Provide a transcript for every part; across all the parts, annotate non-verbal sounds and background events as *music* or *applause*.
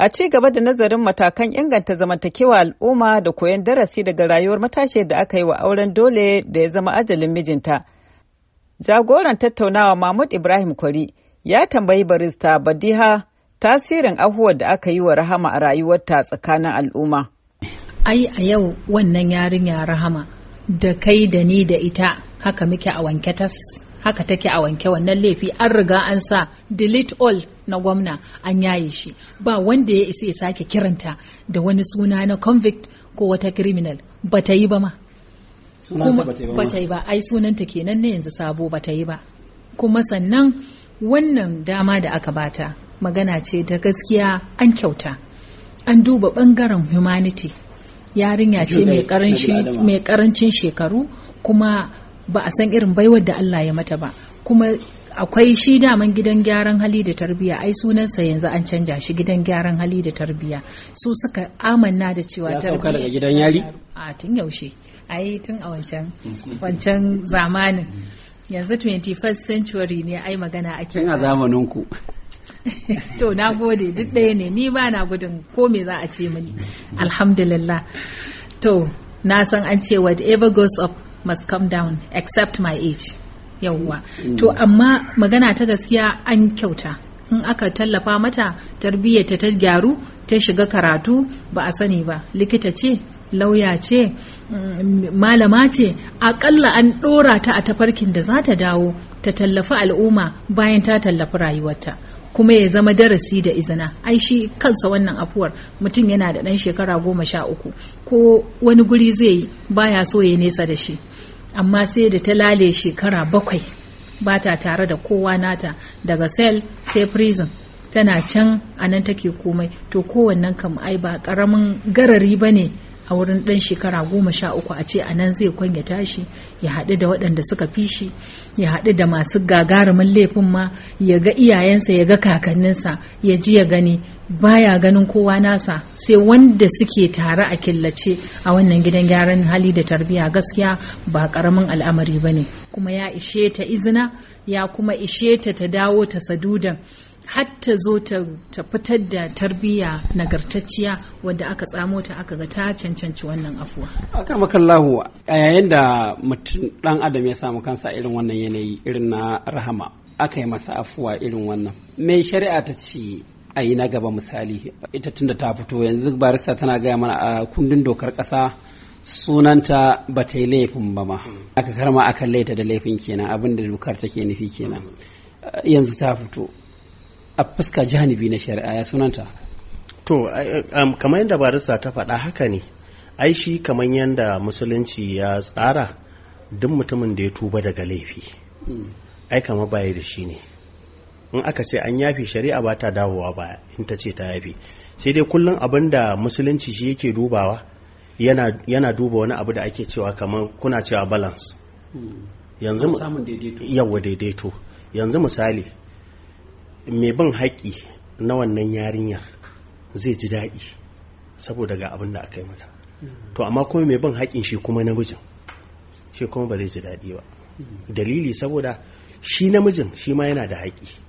A ci gaba da nazarin matakan inganta zamantakewa al'umma da koyon darasi daga rayuwar matashiyar da aka yi wa auren dole da ya zama ajalin mijinta. Jagoran tattaunawa Mahmud Ibrahim Kwari ya tambayi barista Badiha tasirin ahuwar da aka yi wa Rahama a rayuwarta tsakanin al'umma. Ai a yau wannan yarinya Rahama da kai da ni da ita haka muke a wanke tas haka take a wanke wannan laifi an riga an sa delete all na gwamna an yaye shi ba wanda ya isa ya sake kiranta da wani suna na convict ko wata criminal ba ta yi ba ma ba ta yi ba ai sunanta kenan ne yanzu sabo ba ta yi ba kuma sannan wannan dama da aka bata magana ce ta gaskiya an kyauta an duba bangaren humanity yarinya ce mai karancin shekaru kuma ba a san irin baiwar da Allah ya mata ba kuma akwai shi daman gidan gyaran hali da tarbiyya ai sunansa yanzu an canja shi gidan gyaran hali da tarbiyya su suka amanna da cewa tarbiyya ya sauka daga gidan yari a tun yaushe ai tun a wancan wancan zamanin yanzu 21st century ne ai magana ake tun a zamanin ku *laughs* to na gode duk ɗaya ne ni ba na gudun ko me za a ce mini alhamdulillah to na san an ce whatever goes up must come down except my age yauwa mm. to amma magana ta gaskiya an kyauta in aka tallafa mata tarbiyyar ta gyaru ta shiga karatu ba a sani ba likita ce lauya ce mm, malama ce akalla an dora ta a tafarkin da za ta dawo ta tallafa al'umma bayan ta tallafi rayuwarta kuma ya zama darasi da izina ai shi kansa wannan afuwar mutum yana da ɗan shekara goma sha uku ko wani guri zai yi baya so ya nesa da shi amma sai da ta lale shekara bakwai ba ta tare da kowa nata daga cell sai prison tana can a nan take komai to kowannen kam ai ba karamin garari ba ne a wurin ɗan shekara goma sha uku a ce a nan zai kwanya tashi ya haɗu da waɗanda suka fi shi ya haɗu da masu gagarumin laifin ma ya ga iyayensa ya ga kakanninsa ya ji ya gani baya ganin kowa nasa sai wanda suke tare a killace a wannan gidan gyaran hali da tarbiyya gaskiya ba karamin al'amari ba ne kuma ya ishe ta izina ya kuma ishe ta ta dawo ta sadudan hatta zo ta fitar da tarbiyya nagartacciya wadda aka tsamo ta aka ga ta cancanci wannan afuwa. A karmakan lahu a yayin da mutum dan adam ya samu kansa irin wannan yanayi irin na rahama aka yi masa afuwa irin wannan. Mai shari'a ta ce a yi na gaba misali ita tunda ta fito yanzu barista tana gaya mana a kundin dokar kasa sunanta ba ta yi laifin ba ma aka karma aka laita da laifin kenan abin da dokar take nufi kenan yanzu ta fito a fuska janibi na shari'a ya sunanta to kamar yadda barista ta faɗa haka ne ai shi kamar yadda musulunci ya tsara duk mutumin da ya tuba daga laifi hmm. ai kamar baya da shi ne in aka ce an yafe shari'a ba ta dawowa ba in ta ce ta yafe sai dai kullum abin da musulunci shi yake dubawa yana, duba wani abu da ake cewa kamar kuna cewa balance hmm. yanzu yawa daidaito yanzu misali mai bin haƙƙi na wannan yarinyar zai ji daɗi saboda ga abin da aka yi mata hmm. to amma kuma mai bin haƙin shi kuma namijin shi kuma ba zai ji daɗi ba hmm. dalili saboda shi namijin shi ma yana da haƙƙi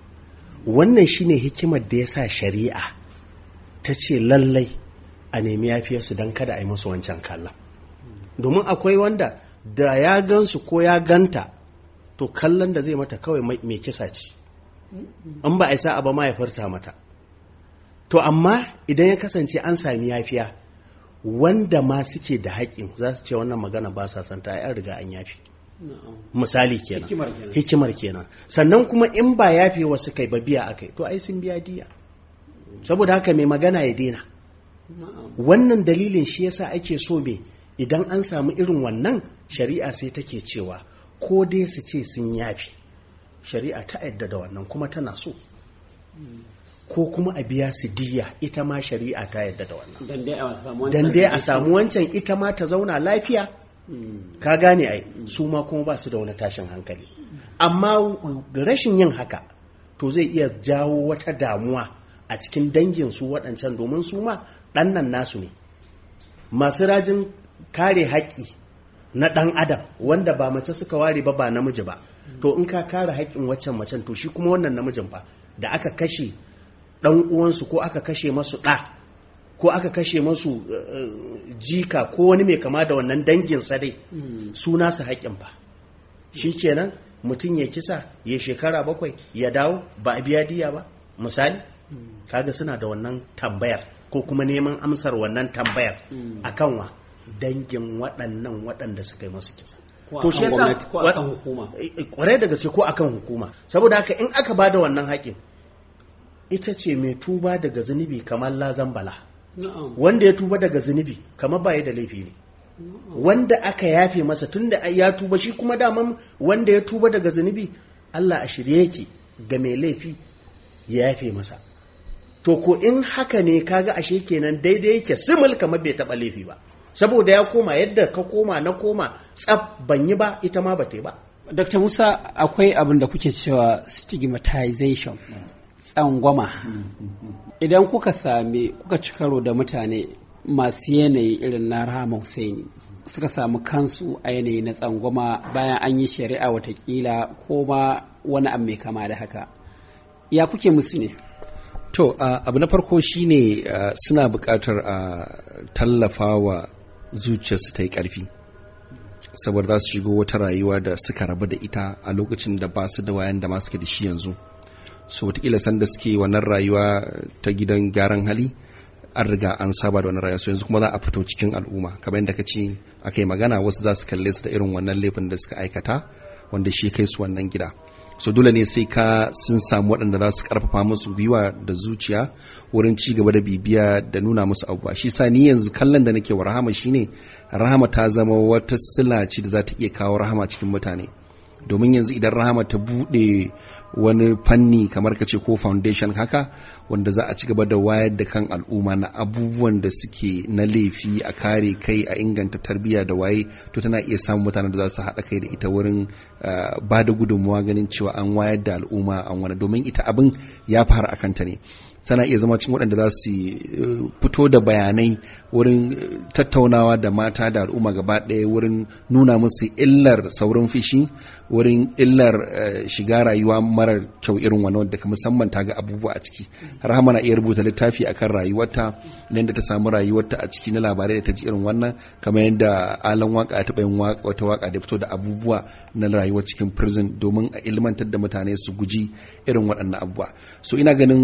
wannan shine hikimar da ya sa shari'a ta ce lallai a nemi yafiyarsu don kada a yi musu wancan kallon domin akwai wanda da ya gansu ko ya ganta to kallon da zai mata kawai mai kisa ce in ba a isa a ba ma ya furta mata to amma idan ya kasance an sami yafiya wanda ma suke da haƙƙin za su ce wannan magana ba sa santa an riga an yafi misali kenan hikimar kenan sannan kuma in ba yafe wasu kai ba biya akai to ai sun biya diya saboda haka mai magana ya daina wannan dalilin shi yasa ake so me idan an samu irin wannan shari'a sai take cewa ko dai su ce sun yafe shari'a ta yadda da wannan kuma tana so ko kuma a biya su diya ita ma shari'a ta yadda da wannan dan a samu wancan ita ma ta zauna lafiya ka gane ai su ma kuma ba su da wani tashin hankali amma rashin yin haka to zai iya jawo wata damuwa a cikin dangin su waɗancan domin su ma ɗan nan nasu ne masu rajin kare haƙƙi na ɗan adam wanda ba mace suka ware ba ba namiji ba to in ka kare haƙƙin waccan macen to shi kuma wannan namijin ba da aka kashe ɗan uwansu ko aka kashe masu ɗa ko aka kashe masu eh, eh, jika ko wani mai kama da wannan dangin sadai. suna hmm. su haƙƙin ba shikenan mutum ya kisa ya shekara bakwai ya dawo ba a biya diya ba misali hmm. kaga suna da wannan tambayar ko kuma neman amsar wannan tambayar hmm. a kanwa dangin waɗannan waɗanda suka yi masu kisa Ko shi yasa kwarai eh, da gaske ko akan hukuma saboda haka in aka ba da wannan haƙin ita ce mai tuba daga zunubi kamar lazan bala wanda ya tuba daga zunubi kama ba ya da laifi ne wanda aka yafe masa tun da ya tuba shi kuma daman wanda ya tuba daga zunubi Allah a shirye yake ga mai laifi ya yafe masa to ko in haka ne kaga ashe kenan daidai yake simul kama bai taba laifi ba saboda ya koma yadda ka koma na koma tsaf ban yi ba ita ma ba ta yi ba Dr. Musa akwai abin da kuke cewa stigmatization tsangwama idan kuka sami kuka ci karo da mutane masu yanayi irin na Rahama Hussein suka samu kansu a yanayi na tsangwama bayan an yi shari'a watakila ko ma wani abu mai kama da haka ya kuke musu ne to abu na farko shine suna buƙatar a tallafa wa zuciyarsu ta yi ƙarfi saboda za su shigo wata rayuwa da suka rabu da ita a lokacin da ba su da wayan da ma suke da shi yanzu su wataƙila sanda suke wannan rayuwa ta gidan gyaran hali an riga an saba da wannan rayuwa yanzu kuma za a fito cikin al'umma kamar yadda ka ce a kai magana wasu za su kalle su da irin wannan laifin da suka aikata wanda shi kai su wannan gida so dole ne sai ka sun samu waɗanda za su karfafa musu gwiwa da zuciya wurin ci gaba da bibiya da nuna musu abubuwa shi sa ni yanzu kallon da nake wa rahama shine rahama ta zama wata sila ce da za ta iya kawo rahama cikin mutane domin yanzu idan rahama ta buɗe wani fanni kamar ka ce ko foundation haka wanda za a ci gaba da wayar da kan al'umma na abubuwan da suke na laifi a kare kai a inganta tarbiyya da waye to tana iya samun mutanen da za su haɗa kai da ita wurin ah, ba da gudunmuwa ganin cewa an wayar da al'umma an wani domin ita abin ya fara a kanta ne Tana iya zama cikin waɗanda za su eh, fito da bayanai wurin eh, tattaunawa da mata da al'umma gaba ɗaya wurin nuna musu illar saurin fishi wurin illar eh, shiga rayuwa marar kyau irin wani wanda musamman ta ga abubuwa a ciki hama na iya rubuta littafi akan rayuwarta da ta samu rayuwarta a ciki na labarai da ta ji irin wannan kamar yadda alan waka ta taɓa yin wata waka da fito da abubuwa na rayuwar cikin prison domin a ilmantar da mutane su guji irin waɗannan abubuwa so ina ganin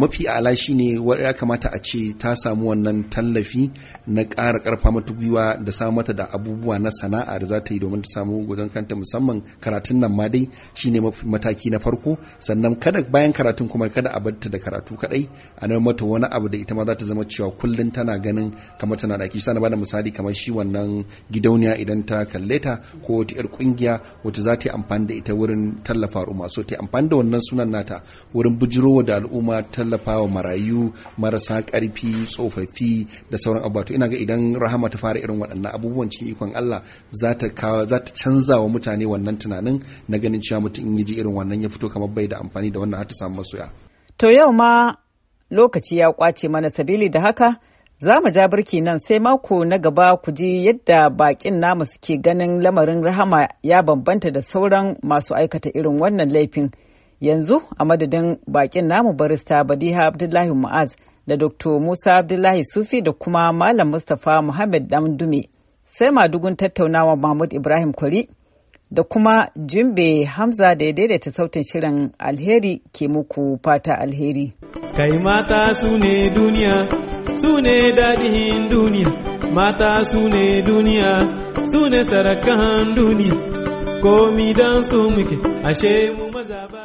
mafi ala shine ya kamata a ce ta samu wannan tallafi na ƙara ƙarfa mata gwiwa da samu mata da abubuwa na sana'a da za ta yi domin ta samu gudan kanta musamman karatun nan ma dai shine mataki na farko farko sannan kada bayan karatun kuma kada a barta da karatu kadai a nan mata wani abu da ita ma za ta zama cewa kullum tana ganin kamar tana daki sai na bada misali kamar shi wannan gidauniya idan ta kalle ta ko wata yar kungiya wata za ta yi amfani da ita wurin tallafa al'umma so ta yi amfani da wannan sunan nata wurin bujirowa da al'umma tallafawa marayu marasa karfi tsofaffi da sauran abubuwa to ina ga idan rahama ta fara irin waɗannan abubuwan cikin ikon Allah za ta canza wa mutane wannan tunanin na ganin cewa mutum in ji irin wannan ya fito to kamar bai da amfani da wannan har ta samu masoya. To yau ma lokaci ya kwace mana sabili da haka za mu ja birki nan sai mako na gaba ku ji yadda bakin namu suke ganin lamarin rahama ya bambanta da sauran masu aikata irin wannan laifin. Yanzu a madadin bakin namu barista Badiha Abdullahi Mu'az da Dr. Musa Abdullahi Sufi da kuma Malam Mustapha Muhammad Damdume. Sai madugun tattaunawa Mahmud Ibrahim Kwari. da kuma jimbe Hamza da ya daidaita sautin shirin alheri ke muku fata alheri. Kai mata su ne duniya, su ne daɗin duniya, mata su ne duniya, su ne sarakan duniya, komi don su muke, ashe mu maza